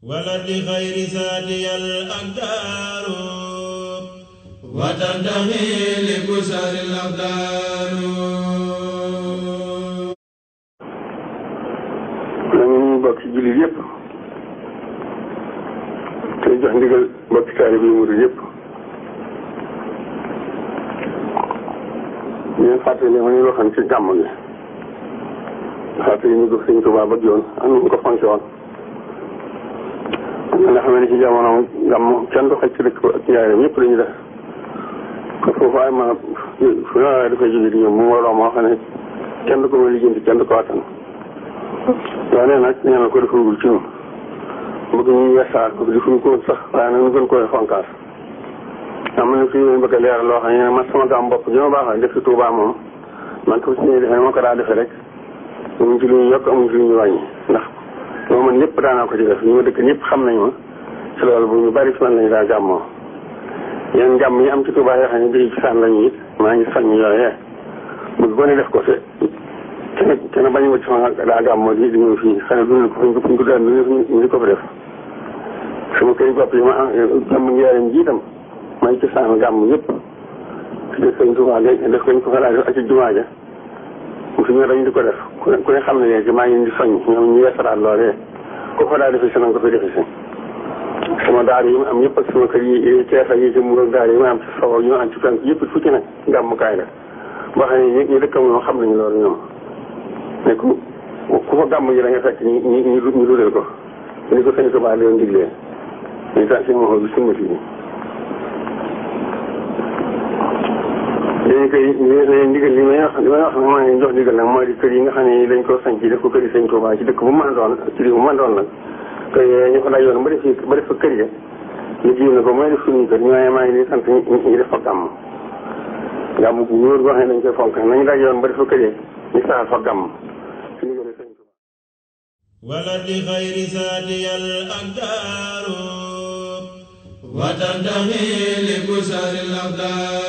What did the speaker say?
wala di xayri saatiyal akdaaru watantaxi li busaaril akdaaru nañu bokk ci jullit yépp tey jox ndigal bokk taalib yi murid yépp ñeen fàttali ci gàmm gi fàttali ñu ko sëñ Tuubaa bëgg yoon am nañu ko nga xam ne ci jamono gàmm kenn du xaj ñëpp dañuy def kon foofu ay mën fu la waaye dafay jóge di ñëw mu mbooloo moo xam ne kenn du ko mën lijjanti kenn du ko attan doone nag ñaanal ko defagul ci ñun bëgg ñuy wesaar ko defuñ ko sax waaye nag ñu gën koy fonkaas am na fii lañ bëgg a leer loo xam ne man sama gàmm bopp ji ma baaxal def Tuubaa moom man ko si ñuy defee moo ko daa defee rek amuñ ci lu yokk amuñ ci lu te ma mën lépp daanaa ko ci def ñu ma dëkk ñëpp xam nañ ma si loolu bu ñu bari ci man lañu daa jàmmoo yeneen jàmm yi am ci Tuubaa yoo xam ne bii ci saan lañu it maa ngi sañ yooyee bëgg ko ne def ko te kenn kenn bañu wacc ma daa gàmmoo di di ñëw fii xëy na dundal ko fuñ ko daan ñu di ko fa def sama kër bopp yi ma am gàmm njaareen ji itam maa ngi ci saan gàmm yëpp def ko ñu ko fa laaj ak ci jumaa ja fi nga dañ di ko def ku ne ku xam ne léegi maa ngi leen di soññ ñoom ñu yesaraat loolee ku ko daa defe si nanga ko fi defe si sama daar yi ma am yëpp ak sama kër yi Cees ak yi ci Mbuur daar yi ma am ci sow yi ma am ci penk yëpp fu ci ne gàmmukaay la boo xam ne ñu dëkkam ñoom xam nañu loolu ñoom ne ku ku fa gàmm ji da nga fekk ñu ñu ñu duleel ko ni ko sëñ Tuubaa leen diglee ñu tax si ma xool bi suñu dañu koy léegi ndigal li may wax li may wax maa ngi jox ndigal nag mooy di kër yi nga xam ne dañ ko sañ ci def ko kër yi sañ Tuubaa ci dëkk bu mën a doon ci réew bu mën a doon nag kër yooyu ñu ko daj yoon ba def ba def fa kër ya liggéey na ko mooy def suñu kër ñu waaye maa ngi di sant ñu def fa gàmm gàmm bu wóor boo xam ne dañ koy fonk nañu daj yoon ba def fa kër ya ñu saxal fa gàmm wala di xayri saadiyal akdaaru wa tantahi li busaril akdaar